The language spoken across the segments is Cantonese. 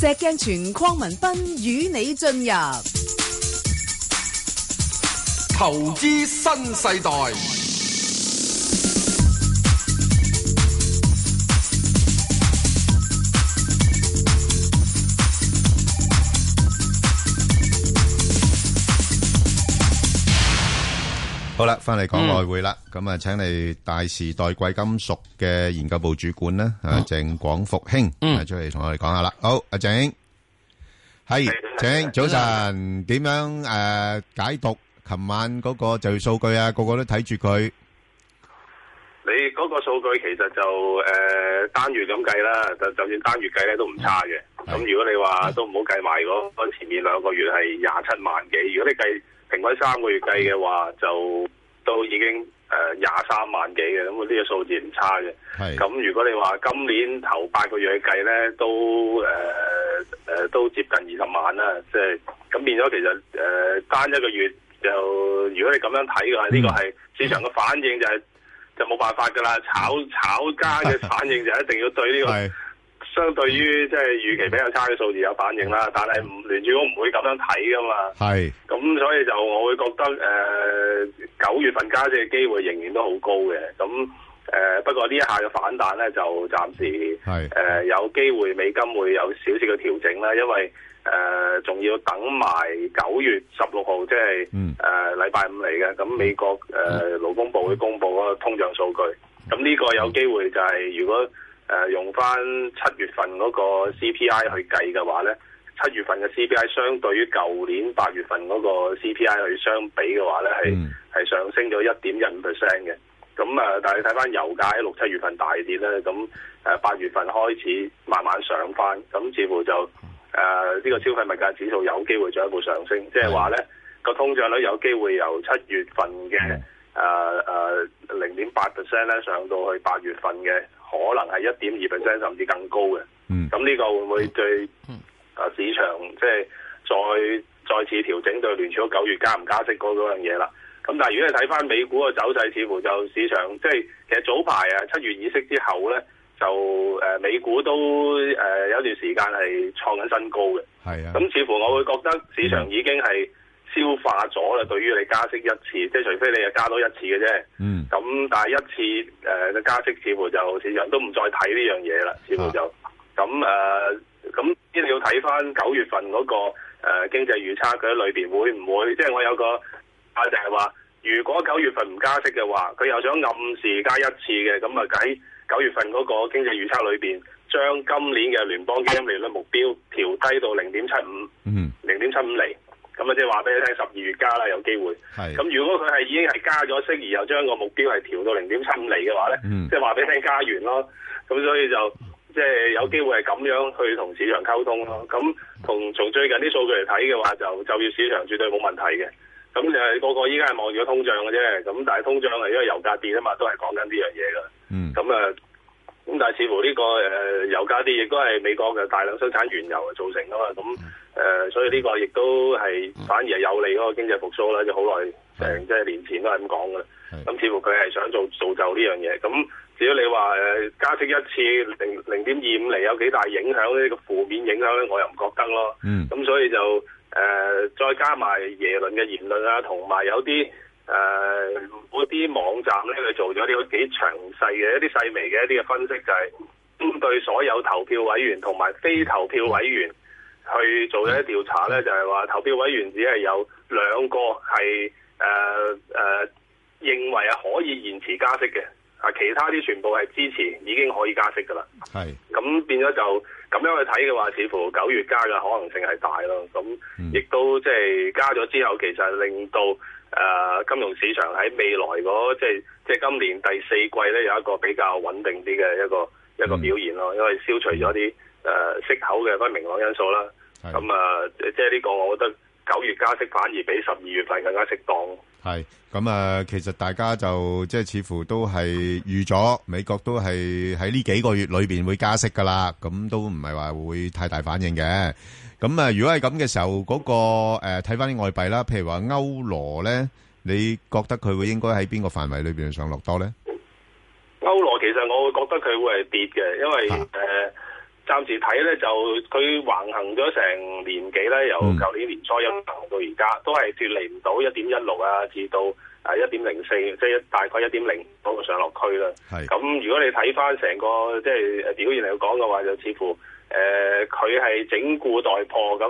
石鏡泉鄺文斌與你進入投資新世代。好啦，翻嚟講外匯啦，咁啊，請你大時代貴金屬嘅研究部主管啦，啊鄭廣復興，嗯，出嚟同我哋講下啦。好，阿鄭，係，請，早晨，點樣誒解讀？琴晚嗰個就業數據啊，個個都睇住佢。你嗰個數據其實就誒單月咁計啦，就就算單月計咧都唔差嘅。咁如果你話都唔好計埋嗰個前面兩個月係廿七萬幾，如果你計。平均三個月計嘅話，就都已經誒廿三萬幾嘅，咁我呢個數字唔差嘅。咁是如果你話今年頭八個月計咧，都誒誒、呃呃、都接近二十萬啦。即係咁變咗，其實誒、呃、單一個月就如果你咁樣睇嘅話，呢、這個係市場嘅反應就係、是、就冇辦法噶啦，炒炒家嘅反應就一定要對呢、這個。 相對於即係預期比較差嘅數字有反應啦，但係聯儲我唔會咁樣睇噶嘛。係是，咁所以就我會覺得誒九、呃、月份加息嘅機會仍然都好高嘅。咁誒、呃、不過呢一下嘅反彈咧，就暫時係誒是、呃、有機會美金會有少少嘅調整啦，因為誒仲、呃、要等埋九月十六號，即係誒禮拜五嚟嘅。咁美國誒勞、呃嗯、工部會公布嗰個通脹數據。咁呢個有機會就係、是、如果，誒、呃、用翻七月份嗰個 CPI 去計嘅話咧，七月份嘅 CPI 相對於舊年八月份嗰個 CPI 去相比嘅話咧，係係、嗯、上升咗一點一五 percent 嘅。咁啊、嗯，但係你睇翻油價喺六七月份大跌咧，咁誒八月份開始慢慢上翻，咁似乎就誒呢、呃這個消費物價指數有機會進一步上升，嗯、即係話咧個通脹率有機會由七月份嘅誒誒零點八 percent 咧上到去八月份嘅。可能係一點二 percent 甚至更高嘅，咁呢、嗯、個會唔會對啊市場、嗯、即係再再次調整對聯儲九月加唔加息嗰樣嘢啦？咁但係如果你睇翻美股嘅走勢，似乎就市場即係其實早排啊七月議息之後咧，就誒、呃、美股都誒、呃、有一段時間係創緊新高嘅，係啊，咁似乎我會覺得市場已經係。嗯消化咗啦，對於你加息一次，即係除非你又加多一次嘅啫。嗯。咁但係一次誒嘅、呃、加息似，似乎就市場都唔再睇呢樣嘢啦。似乎就咁誒，咁、呃、一定要睇翻九月份嗰、嗰個誒、呃、經濟預測佢喺裏邊會唔會？即係我有個話就係、係、話，如果九月份唔加息嘅話，佢又想暗示加一次嘅，咁啊喺九月份嗰個經濟預測裏邊，將今年嘅聯邦基金利率目標調低到零點七五，嗯，零點七五厘。咁啊，即係話俾你聽，十二月加啦，有機會。係咁是，如果佢係已經係加咗息，而又將個目標係調到零點七五厘嘅話咧，嗯、即係話俾你聽加完咯。咁所以就即係有機會係咁樣去同市場溝通咯。咁同從最近啲數據嚟睇嘅話，就就業市場絕對冇問題嘅。咁誒、呃，個個依家係望住個通脹嘅啫。咁但係通脹係因為油價跌啊嘛，都係講緊呢樣嘢㗎。嗯。咁啊。呃咁但係似乎呢、呢個誒、呃、油價啲，亦都係美國嘅大量生產原油造成啊嘛，咁誒、呃、所以呢個亦都係反而係有利嗰個經濟復甦啦，即好耐成即係年前都係咁講嘅。咁似乎佢係想做造，造就呢樣嘢。咁至於你話誒、呃、加息一次零零點二五釐有幾大影響呢？呢個負面影響咧，我又唔覺得咯。咁、嗯嗯、所以就誒、呃、再加埋耶倫嘅言論啊，同埋有啲。誒，嗰啲，呃、網站咧，佢做咗啲好幾詳細嘅一啲細微嘅一啲嘅分析，就係、是、針對所有投票委員同埋非投票委員去做咗一啲調查咧，就係、是、話投票委員只係有兩個係，誒、呃、誒、呃，認為係可以延遲加息嘅，啊，其他啲全部係支持已經可以加息㗎喇。係是，咁變咗就咁樣去睇嘅話，似乎九月加嘅可能性係大咯。咁亦、嗯、都即係、就是、加咗之後，其實係令到誒金融市場喺未來嗰，即係即係今年第四季咧，有一個比較穩定啲嘅一個、嗯、一個表現咯，因為消除咗啲誒息口嘅不明朗因素啦。咁啊是，即係呢個，我覺得九月加息反而比十二月份更加適當。係咁啊，其實大家就即係似乎都係預咗美國都係喺呢幾個月裏邊會加息㗎啦，咁都唔係話會太大反應嘅。咁啊，如果係咁嘅時候，嗰、那個睇翻啲外幣啦，譬如話歐羅咧，你覺得佢會應該喺邊個範圍裏面上落多咧？歐羅其實我會覺得佢會係跌嘅，因為誒、啊呃、暫時睇咧就佢橫行咗成年幾啦，由舊年年初一路行到而家，都係脫離唔到一點一六啊，至到啊一點零四，即係大概一點零多嘅上落區啦。咁是如果你睇翻成個即係、就是、表現嚟講嘅話，就似乎。誒佢係整固待破咁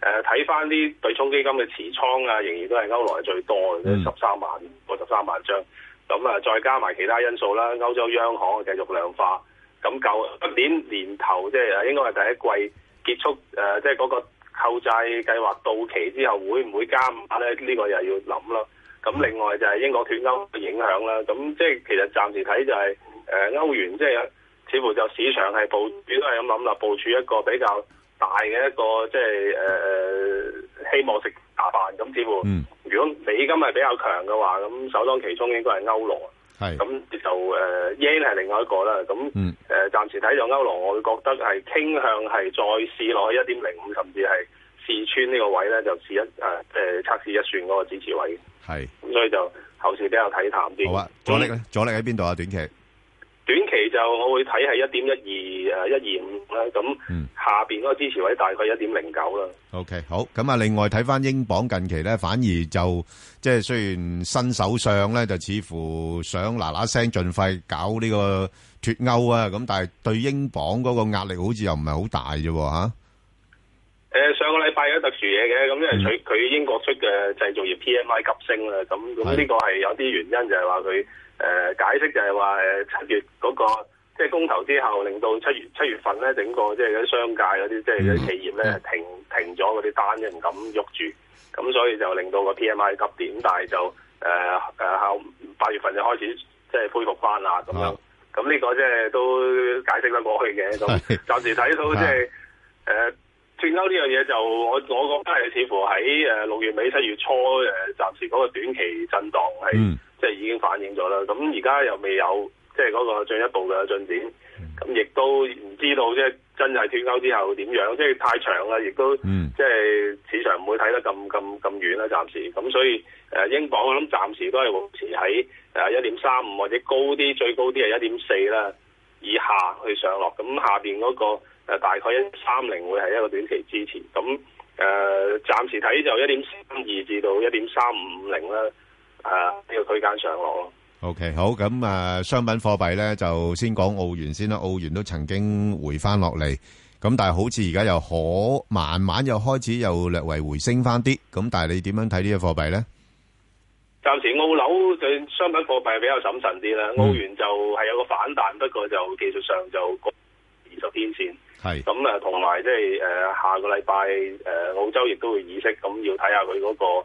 誒，睇返啲對沖基金嘅持倉啊，仍然都係歐羅最多嘅，嗯、十三萬十三萬張。咁啊，再加埋其他因素啦，歐洲央行繼續量化。咁舊今年年頭即、就、係、是、應該係第一季結束，誒、呃，即係嗰個購債計劃到期之後，會唔會加五萬咧？呢、這個又要諗咯。咁另外就係英國脫歐嘅影響啦。咁即係其實暫時睇就係、是、誒、呃、歐元即、就、係、是。似乎就市場係部署，主要係咁諗啦，部署一個比較大嘅一個即係誒誒，希望食大飯咁。似乎如果美金係比較強嘅話，咁首當其衝應該係歐羅。係咁是就誒 yen 係另外一個啦。咁誒暫時睇咗歐羅，我會覺得係傾向係再試落去一點零五，甚至係試穿呢個位咧，就試一誒誒測試一算嗰個支持位。係咁是，所以就後市比較睇淡啲。好啊，阻力咧，阻力喺邊度啊？短期？短期就我會睇係一點一二誒，一二五啦。咁下邊嗰個支持位大概一點零九啦。OK，好。咁啊，另外睇翻英鎊近期咧，反而就即係雖然新首相咧，就似乎想嗱嗱聲盡快搞呢個脫歐啊。咁但係對英鎊嗰個壓力好似又唔係好大啫喎，嚇。誒，上個禮拜有特殊嘢嘅，咁因為佢佢英國出嘅製造業 PMI 急升啦。咁咁呢個係有啲原因就係話佢。誒、呃、解釋就係話誒七月嗰，那個即係公投之後，令到七月七月份咧整個即係啲商界嗰啲即係啲企業咧，嗯、停停咗嗰啲單，唔敢喐住，咁所以就令到個 PMI 急跌，但係就誒誒，呃、後八月份就開始即係恢復翻啦咁樣，咁呢好 個即係都解釋得過去嘅，咁暫時睇到即係誒。 嗯脱歐呢樣嘢就我我覺得係似乎喺誒六月尾七月初誒、呃、暫時嗰個短期震蕩係、mm. 即係已經反映咗啦，咁而家又未有即係嗰個進一步嘅進展，咁亦都唔知道即係真係脱歐之後點樣，即係太長啦，亦都、mm. 即係市場唔會睇得咁咁咁遠啦、啊，暫時，咁所以誒、呃、英鎊我諗暫時都係維持喺誒一點三五或者高啲最高啲係一點四啦以下去上落，咁下邊嗰、個。誒，大概一三零會係一個短期支持，咁誒，暫、呃、時睇就一點三二至到一點三五零咧，誒呢個區間上落咯。O、okay, K，好，咁誒、呃，商品貨幣咧就先講澳元先啦，澳元都曾經回翻落嚟，咁但係好似而家又可慢慢又開始又略為回升翻啲，咁但係你點樣睇呢個貨幣咧？暫時澳樓對商品貨幣比較審慎啲啦，嗯、澳元就係有個反彈，不過就技術上就過二十天先。係咁啊，同埋是即係誒、呃，下個禮拜誒，澳洲亦都會議息，咁、嗯、要睇下佢嗰個誒，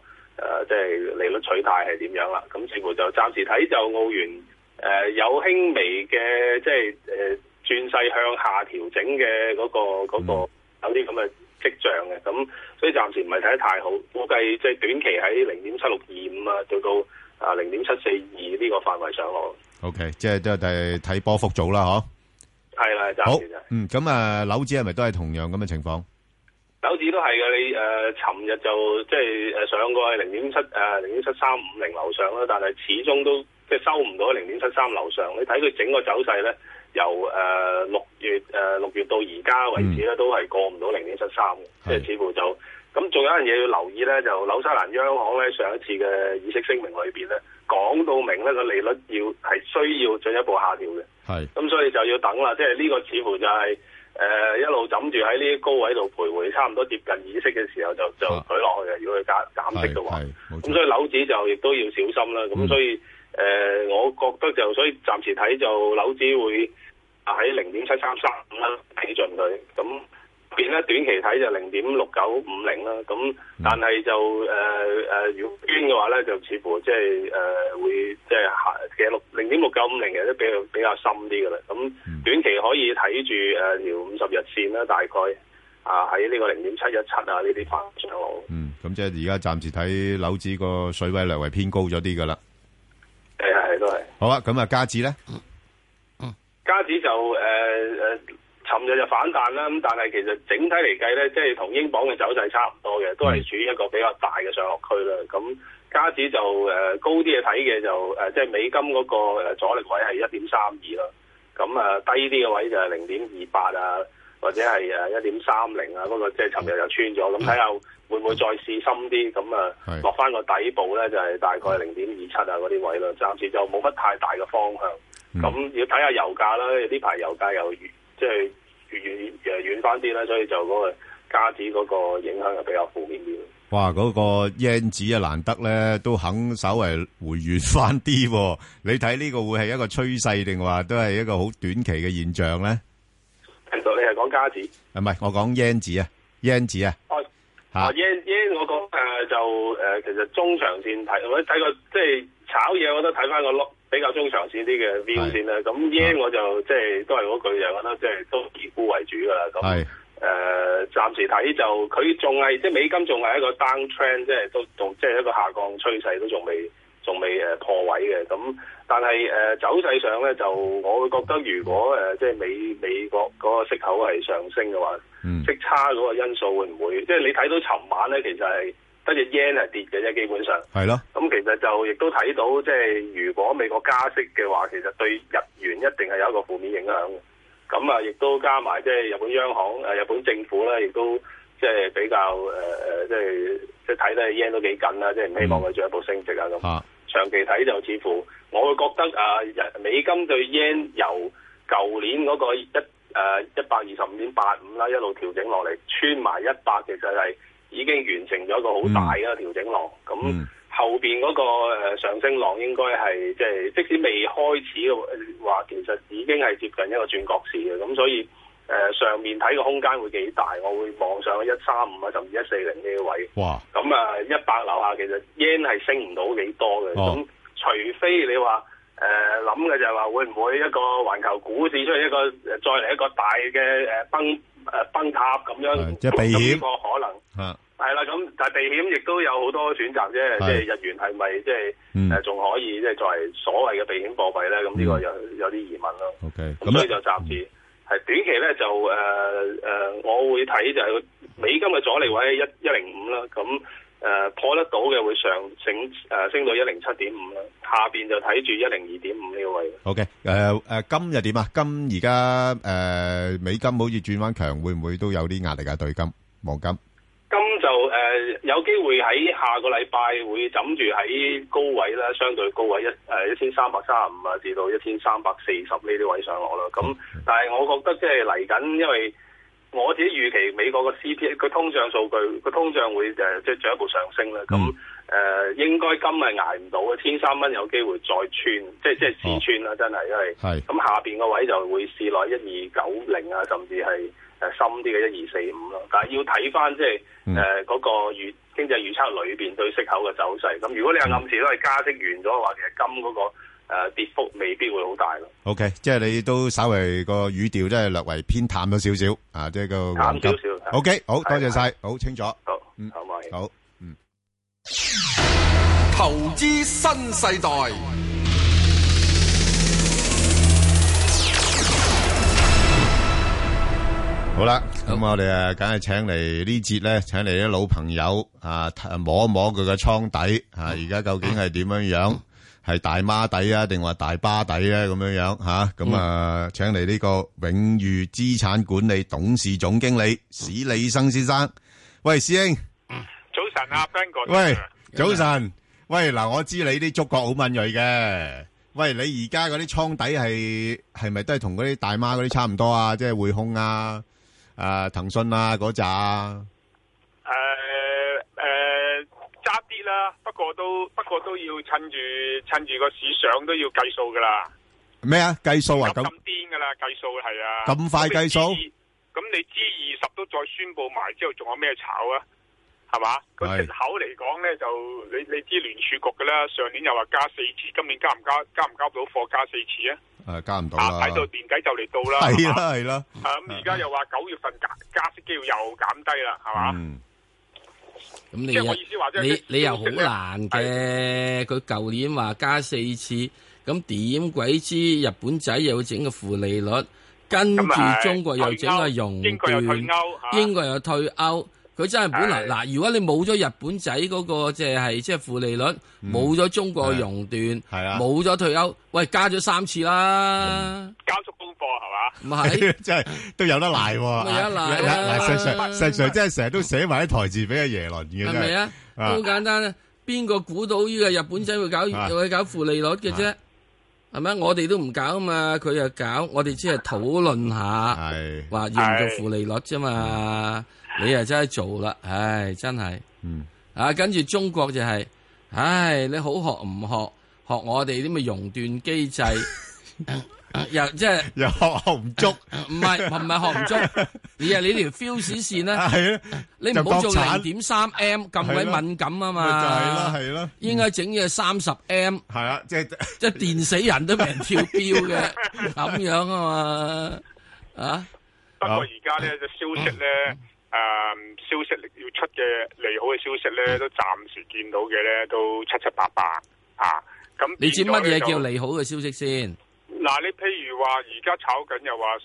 即係利率取態係點樣啦。咁似乎就暫時睇就澳元，誒、呃、有輕微嘅即係誒、呃、轉勢向下調整嘅嗰、那個那個有啲咁嘅跡象嘅。咁、嗯、所以暫時唔係睇得太好，估計即係短期喺零點七六二五啊，到到啊零點七四二呢個範圍上落。O、okay, K，即係都係睇波幅做啦，嗬、啊。係啦，暫時嗯，咁、嗯、啊，樓指係咪都係同樣咁嘅情況？樓指都係嘅，你誒，尋、呃、日就即係誒上過去零點七誒，零點七三五零樓上啦。但係始終都即係收唔到零點七三樓上。你睇佢整個走勢咧，由誒六月誒六月到而家為止咧，都係過唔到零點七三嘅，即係似乎就。咁仲有一樣嘢要留意咧，就紐西蘭央行咧上一次嘅議息聲明裏邊咧，講到明咧個利率要係需要進一步下調嘅。係是，咁所以就要等啦，即係呢個似乎就係、是、誒、呃、一路枕住喺呢高位度徘徊，差唔多接近議息嘅時候就就舉落去嘅，啊、要去減減息嘅話，咁所以紐指就亦都要小心啦。咁所以誒、嗯呃，我覺得就所以暫時睇就紐指會喺零點七三三五啦睇盡佢咁。變咧短期睇就零點六九五零啦，咁但係就誒誒，如果捐嘅話咧，就似乎即係誒會即係下嘅六零點六九五零嘅都比較比較深啲噶啦。咁短期可以睇住誒，條五十日線啦，大概啊喺呢個零點七一七啊呢啲範疇。17, 路嗯，咁即係而家暫時睇樓子個水位略為偏高咗啲噶啦。誒係係都係。好啦，咁啊家指咧。嗯。家指,、嗯、指就誒誒。呃呃尋日就反彈啦，咁但係其實整體嚟計咧，即係同英鎊嘅走勢差唔多嘅，都係處於一個比較大嘅上落區啦。咁加子就誒、呃、高啲嘅睇嘅就誒、呃，即係美金嗰個阻力位係、呃、一點三二咯。咁啊低啲嘅位就係零點二八啊，或者係誒、啊那個、一點三零啊，嗰個即係尋日又穿咗。咁睇是下會唔會再試深啲，咁啊落翻個底部咧就係、是、大概零點二七啊嗰啲位啦。暫時就冇乜太大嘅方向。咁、嗯、要睇下油價啦，呢排油價又即係越遠誒遠翻啲啦，所以就嗰個加紙嗰個影響就比較負面啲。哇！嗰、嗰個英紙啊，難得咧都肯稍為回軟翻啲。你睇呢個會係一個趨勢，定話都係一個好短期嘅現象咧？唔該，你係講加紙？唔係，我講英紙啊，英紙啊，吓英英，我講誒、呃、就誒、呃，其實中長線睇或者睇個即係炒嘢，我都睇翻個碌。比較中長線啲嘅 view 先啦，咁耶是我就即係是、就是、都係嗰句樣，又覺得即係都以沽為主噶啦。咁誒是、呃、暫時睇就佢仲係即係美金仲係一個 down trend，即係都仲，即係一個下降趨勢都仲未仲未誒破位嘅。咁但係誒、呃、走勢上咧，就我覺得如果誒、呃、即係美美國嗰個息口係上升嘅話，嗯、息差嗰個因素會唔會？即係你睇到尋晚咧，其實係。一隻 yen 係跌嘅啫，基本上係咯。咁的其實就亦都睇到，即係如果美國加息嘅話，其實對日元一定係有一個負面影響嘅。咁啊，亦都加埋即係日本央行、誒日本政府咧，亦都即係比較誒誒、呃，即係即係睇得 yen 都幾緊啦，即係唔希望佢進一步升值啊咁、嗯。長期睇就似乎，我會覺得啊，日、呃、美金對 yen 由舊年嗰個一誒、呃、一百二十五點八五啦，一路調整落嚟穿埋一百，其實係。已經完成咗一個好大嘅調整浪，咁、嗯嗯、後邊嗰個上升浪應該係即係，即使未開始嘅話，其實已經係接近一個轉角市嘅咁，所以誒、呃、上面睇個空間會幾大，我會望上去一三五啊，甚至一四零呢個位。哇！咁啊，一百樓下其實 yen 係升唔到幾多嘅咁，哦、除非你話誒諗嘅就係話會唔會一個環球股市出一個再嚟一個大嘅誒崩誒崩塌咁樣，即係避險。啊，係啦，咁但係避險亦都有好多選擇啫。即係的日元係咪即係誒，仲、嗯、可以即係、就是、作為所謂嘅避險貨幣咧？咁呢個有有啲疑問咯。OK，咁所以就暫時係短期咧就誒誒、呃，我會睇就係美金嘅阻力位一一零五啦。咁、呃、誒破得到嘅會上升誒、呃、升到一零七點五啦。下邊就睇住一零二點五呢個位。OK，誒、呃、誒、呃，金又點啊？金而家誒美金好似轉翻強，會唔會都有啲壓力啊？對金、黃金。就誒、呃、有機會喺下個禮拜會枕住喺高位啦，相對高位一誒一千三百三十五啊，至到一千三百四十呢啲位上落啦。咁但係我覺得即係嚟緊，因為我自己預期美國個 CPI 個通脹數據，個通脹會、呃、即再進一步上升啦。咁誒、嗯呃、應該今日捱唔到，千三蚊有機會再穿，即即試穿啦，哦、真係、哦、因為係咁是下邊個位就會試落一二九零啊，甚至係。誒，深啲嘅一二四五咯，1, 2, 4, 5, 但係要睇翻即係誒嗰個預經濟預測裏邊對息口嘅走勢。咁如果你係暗示都係加息完咗嘅話，其實金嗰、那個誒、呃、跌幅未必會好大咯。OK，即係你都稍微個語調即係略為偏淡咗少少啊，即係個淡少少。OK，的好多謝晒，的好清楚。好，嗯，好唔好？好，嗯，投資新世代。好啦，咁我哋誒，梗係請嚟呢節咧，請嚟啲老朋友啊，摸一摸佢個倉底啊，而家究竟係點樣樣？係大媽底啊，定話大巴底啊？咁樣樣吓，咁啊，請嚟呢個永裕資產管理董事總經理史理生先生。喂，師兄，早晨啊，邊個？喂，早晨。喂，嗱，我知你啲觸覺好敏銳嘅。喂，你而家嗰啲倉底係係咪都係同嗰啲大媽嗰啲差唔多啊？即係會空啊？誒，騰訊啊，嗰咋誒誒揸啲啦，不過都不過都要趁住趁住個市上都要計數噶啦。咩啊？計數啊？咁癲噶啦，計數係啊。咁快計數？咁你知二十都再宣布埋之後，仲有咩炒啊？係嘛？個出口嚟講咧，就你你知聯儲局嘅啦。上年又話加四次，今年加唔加？加唔加到貨加四次啊？誒，加唔到啊！睇到年底就嚟到啦。係啦，係啦。啊，咁而家又話九月份加加息機會又減低啦，係嘛？嗯。咁你即係我意思話，即係你你又好難嘅。佢舊年話加四次，咁點鬼知日本仔又整個負利率，跟住中國又整個熔斷，英國又退歐。佢真係本嚟嗱，如果你冇咗日本仔嗰個即係即係負利率，冇咗中國熔斷，冇咗退歐，喂加咗三次啦，交足功課係嘛？唔係，即係都有得賴喎！賴賴賴，常常上，常真係成日都寫埋啲台字俾阿爺來嘅。係咪啊？好簡單啦，邊個估到呢個日本仔會搞會搞負利率嘅啫？係咪？我哋都唔搞啊嘛，佢又搞，我哋只係討論下，話要唔做負利率啫嘛。你又真係做啦，唉，真係，嗯，啊，跟住中國就係，唉，你好學唔學？學我哋啲咁嘅熔斷機制，又即係又學學唔足，唔係唔係學唔足，而係你條 fuse 線咧，係咧，你唔好做零點三 m 咁鬼敏感啊嘛，係咯係咯，應該整嘅三十 m，係啊，即係即係電死人都畀人跳標嘅，咁樣啊嘛，啊，不過而家呢個消息咧。誒，uh, 消息要出嘅利好嘅消息咧，嗯、都暫時見到嘅咧，都七七八八啊。咁你知乜嘢叫利好嘅消息先？嗱、啊，你譬如話而家炒緊又話誒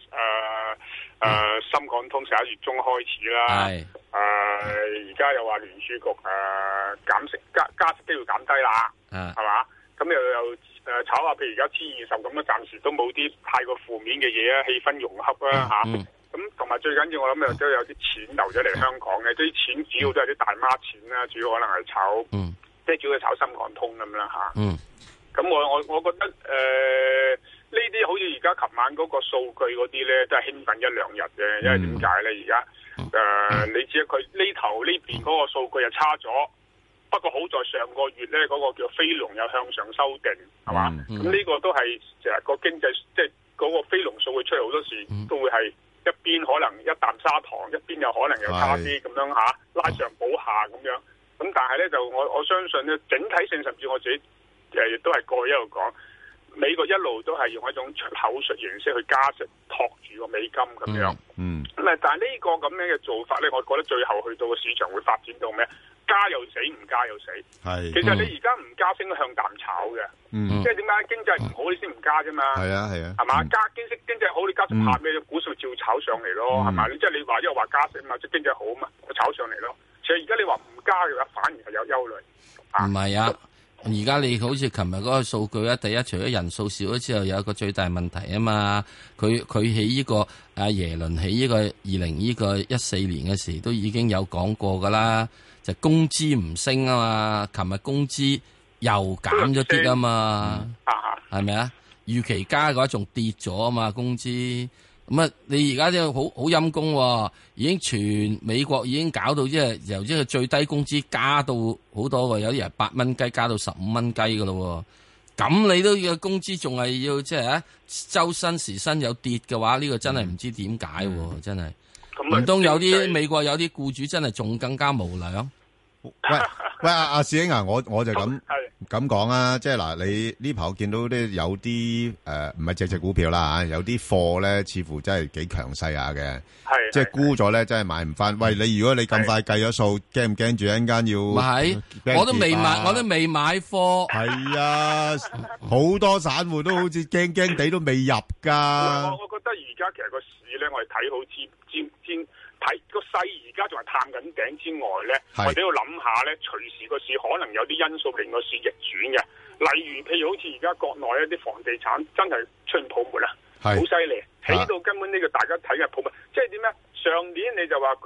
誒深港通十一月中開始啦，誒而家又話聯儲局誒減息加加息都要減低啦，係嘛，嗯？咁又又誒炒下，譬如而家千二十咁啊，暫時都冇啲太過負面嘅嘢啊，氣氛融洽啊，吓、嗯。咁同埋最緊要我諗又都有啲錢留咗嚟香港嘅，啲錢主要都係啲大媽錢啦，主要可能係炒，即係、嗯、主要炒深港通咁啦嚇。咁、啊嗯、我我我覺得誒呢啲好似而家琴晚嗰個數據嗰啲咧，都係興奮一兩日嘅，因為點解咧？而家誒你知佢呢頭呢邊嗰個數據又差咗，不過好在上個月咧嗰、嗰個叫非農又向上修訂，係嘛？咁呢、嗯嗯、個都係成日個經濟即係嗰個非農數會出嚟好多時都會係。一邊可能一啖砂糖，一邊又可能又差啲咁樣吓，的拉上補下咁樣。咁但係呢，就我我相信呢，整體性甚至我自己，亦都係過去一路講，美國一路都係用一種出口術形式去加持托住個美金咁樣嗯。嗯，咁但係呢個咁樣嘅做法呢，我覺得最後去到個市場會發展到咩？加又死，唔加又死。係，其實你而家唔加升，先向淡炒嘅，嗯、即係點解經濟唔好，你先唔加啫嘛？係、嗯、啊，係啊，係嘛？加經濟經濟好，你加咗拍嘅？股數照炒上嚟咯，係嘛？嗯、即係你話，因為話加息啊嘛，即係經濟好啊嘛，佢炒上嚟咯。其實而家你話唔加嘅話，反而係有憂慮。唔係啊，而家、啊、你好似琴日嗰個數據咧，第一除咗人數少咗之後，有一個最大問題啊嘛。佢佢起呢、這個阿、啊、耶倫起呢個二零呢個一四年嘅時都已經有講過噶啦。就工資唔升啊嘛，琴日工資又減咗啲啊嘛，係咪啊？預、嗯、期加嘅話仲跌咗啊嘛，工資咁啊，你而家真係好好陰功喎！已經全美國已經搞到即、就、係、是、由呢個最低工資加到好多嘅，有啲人八蚊雞加到十五蚊雞嘅咯喎，咁你都要工資仲係要即、就、係、是、啊周薪時薪有跌嘅話，呢、這個真係唔知點解喎，嗯、真係。唔通有啲美國有啲雇主真係仲更加無良 喂喂，阿阿史兄啊，我我就咁咁講啊，即係嗱，你呢排我見到啲有啲誒，唔係只只股票啦吓，有啲貨咧，似乎真係幾強勢下嘅， 即係沽咗咧，真係買唔翻。喂，你如果你咁快計咗數，驚唔驚住一陣間要？唔係、啊、我都未買，我都未買貨。係 啊，好多散戶都好似驚驚地都未入噶。 啊 笑 睇好之之之，睇個勢而家仲係探緊頂之外咧，我哋是要諗下咧，隨時個市可能有啲因素令個市逆轉嘅。例如，譬如好似而家國內一啲房地產真係出現泡沫啦，好犀利，起到根本呢個大家睇嘅泡沫。即係點咧？上年你就話誒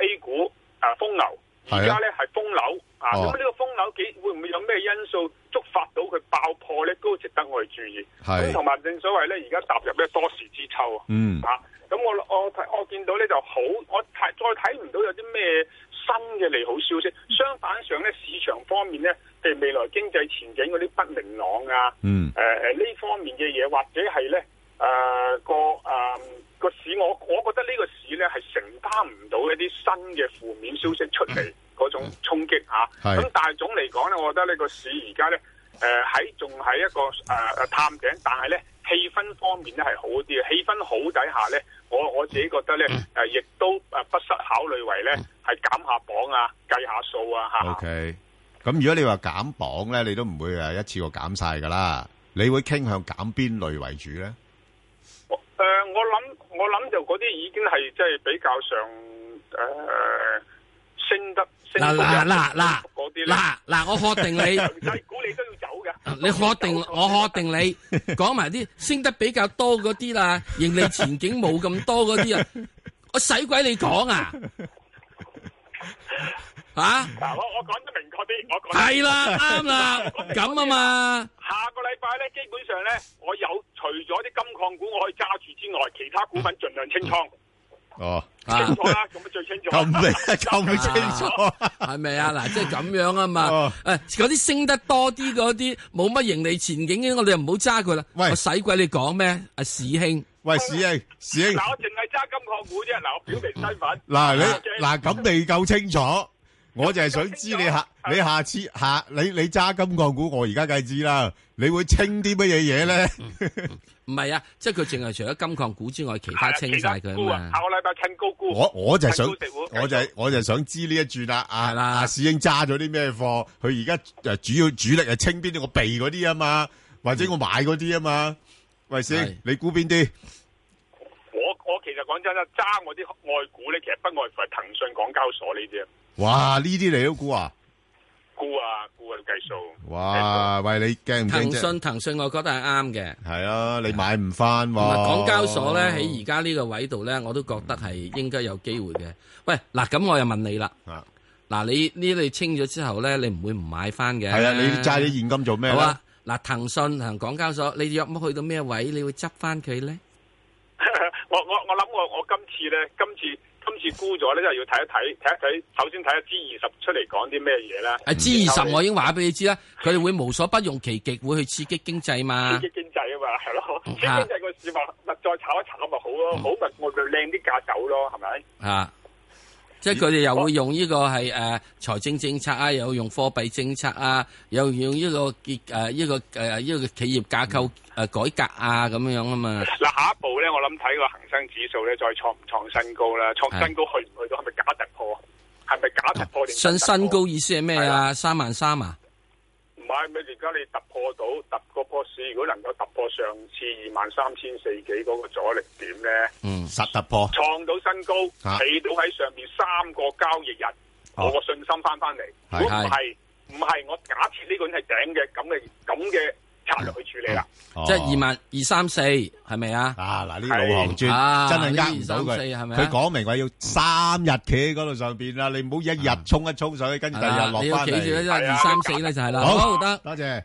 誒 A 股啊、呃、風牛，而家咧係風樓啊。咁呢、啊、個風樓幾會唔會有咩因素觸發到佢爆破咧？都值得我哋注意。咁同埋正所謂咧，而家踏入咩多事之秋啊？嗯，嚇。咁我我睇我見到咧就好，我睇再睇唔到有啲咩新嘅利好消息。相反上咧，市場方面咧，譬如未來經濟前景嗰啲不明朗啊，嗯，誒誒呢方面嘅嘢，或者係咧，誒、呃、個誒、呃、個市，我我覺得呢個市咧係承擔唔到一啲新嘅負面消息出嚟嗰、嗯、種衝擊嚇。咁但係總嚟講咧，我覺得呢個市而家咧。誒，喺仲係一個誒誒、呃、探井，但係咧氣氛方面咧係好啲嘅，氣氛好底下咧，我我自己覺得咧誒，亦都誒不失考慮為咧係、嗯、減下磅啊，計下數啊吓。OK，咁如果你話減磅咧，你都唔會誒一次過減晒㗎喇，你會傾向減邊類為主咧、呃？我誒，我諗我諗就嗰啲已經係即係比較上誒、呃、升得升嗱嗱嗱嗱嗱嗱，我確定你。 啊、你確定我確定你講埋啲升得比較多嗰啲啦，盈利前景冇咁多嗰啲 啊，啊，啊，我使鬼你講啊，吓？我我講得明確啲，我講係啦，啱啦，咁啊嘛。下個禮拜咧，基本上咧，我有除咗啲金礦股我可以揸住之外，其他股份盡量清倉。.哦，清楚啦，咁咪最清楚，咁明，咁清楚，係咪啊？嗱，即係咁樣啊嘛，誒，嗰啲升得多啲嗰啲，冇乜盈利前景嘅，我哋就唔好揸佢啦。喂，我使鬼你講咩？阿史兄，喂，史兄，史兄，嗱，我淨係揸金礦股啫。嗱，我表明身份。嗱你，嗱咁你夠清楚。我就係想知你下你下次下你你揸金礦股，我而家計知啦。你會清啲乜嘢嘢咧？唔 係啊，即係佢淨係除咗金礦股之外，其他清晒佢啊！下個禮拜趁高沽，我就我就想、是、我就是、我就想知呢一注啦啊！嗱的，師兄揸咗啲咩貨？佢而家誒主要主力係清邊啲？我避嗰啲啊嘛，或者我買嗰啲啊嘛？嗯、喂師兄，的你估邊啲？我我其實講真啦，揸我啲外股咧，其實不外乎係騰訊、港交所呢啲。哇！呢啲嚟都估啊，估啊，估喺度計數。哇！喂，你驚唔驚啫？騰訊騰訊，我覺得係啱嘅。係啊，你買唔翻喎？港交所咧，喺而家呢個位度咧，我都覺得係應該有機會嘅。喂，嗱，咁我又問你啦。嗱，你呢啲清咗之後咧，你唔會唔買翻嘅？係啊，你揸啲現金做咩？好啊。嗱，騰訊同港交所，你要去到咩位，你會執翻佢咧？我我我諗我我今次咧，今次。今次沽咗咧，又要睇一睇，睇一睇，首先睇下 G20 出嚟講啲咩嘢啦。誒、嗯、，G20 我已經話咗俾你知啦，佢哋 會無所不用其極，會去刺激經濟嘛。刺激經濟啊嘛，係咯。啊、刺激經濟個市況，咪再炒一炒咪好咯，嗯、好咪我咪靚啲價走咯，係咪？啊。即係佢哋又會用呢個係誒財政政策啊，又會用貨幣政策啊，又用呢個結誒呢個誒呢個企業架構誒改革啊咁樣啊嘛。嗱，下一步咧，我諗睇個恒生指數咧，再創唔創新高啦？創新高去唔去到係咪假突破？係咪假突破？想新高意思係咩啊？三萬三啊？唔係，咪而家你突破到？個市如果能夠突破上次二萬三千四幾嗰個阻力點咧，嗯，實突破，創到新高，企到喺上邊三個交易日，我個信心翻翻嚟。如果唔係，唔係我假設呢個人係頂嘅咁嘅咁嘅策略去處理啦，即係二萬二三四係咪啊？啊嗱，呢老行尊真係呃唔到佢，佢講明話要三日企喺嗰度上邊啦，你唔好一日沖一沖水，跟住第二日落翻嚟。你企住咧二三四咧就係啦，好，得，多謝。